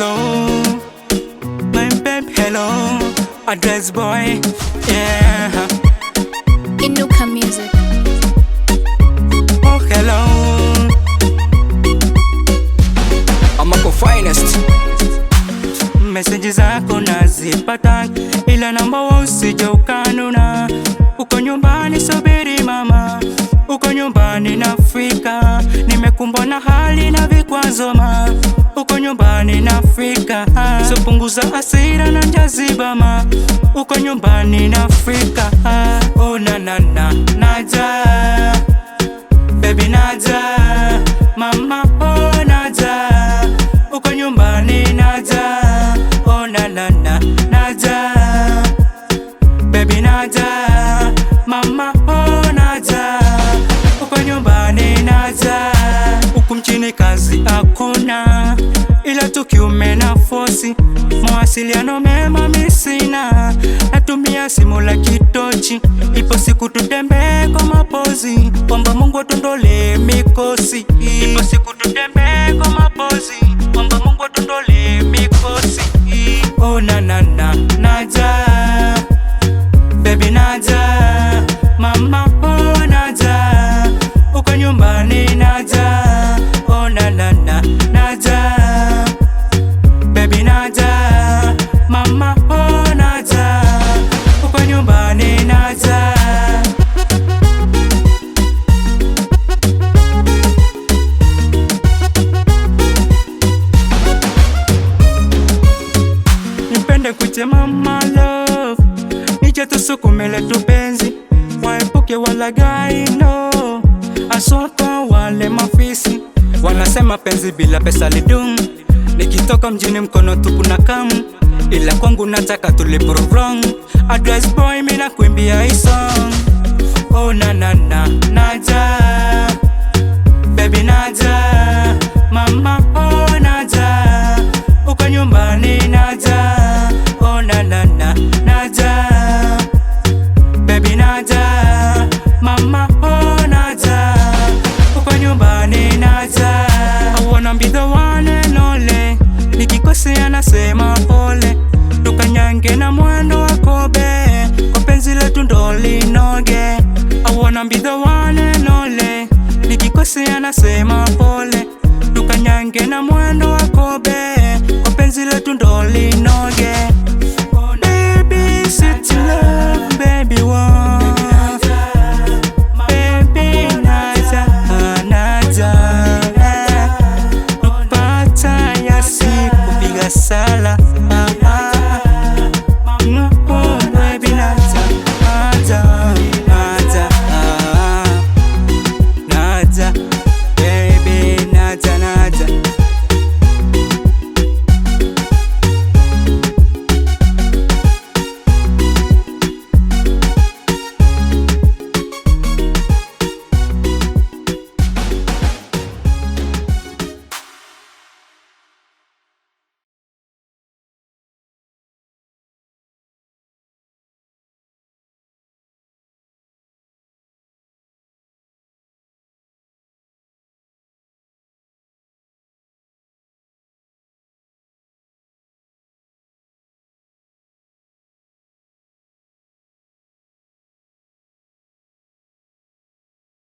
hello, my babe, hello, address boy, yeah. Inuka music. Oh, hello. I'm Amako finest. Meseji zako nazipata, ila namba wa usije ukanuna. Uko nyumbani, subiri mama, uko nyumbani nafika, nimekumbwa na hali na vikwazo ma uko nyumbani na Afrika sopunguza hasira na ma uko nyumbani na Afrika oh, na na naja umeme na fosi, mawasiliano mema misina, natumia simu la kitochi, ipo siku tutembee kwa mapozi, kwamba Mungu atondole mikosi, ipo siku tutembee kwa mapozi, kwamba Mungu atondole mikosi, oh, na na na Nikuite mama love, nije tusukumele tupenzi, waepuke walaghai no, aswata wale mafisi wanasema penzi bila pesa lidumu. Nikitoka mjini mkono tupu na kamu, ila kwangu nataka tuliprove wrong. address boy, mina kuimbia hii song. Oh, na na na naja wanna be the one and only. Nikikosea nasema pole, tukanyange na mwendo wa kobe, kwa penzi letu ndo linoge. I wanna be the one and only. Nikikosea nasema pole, tukanyange na casa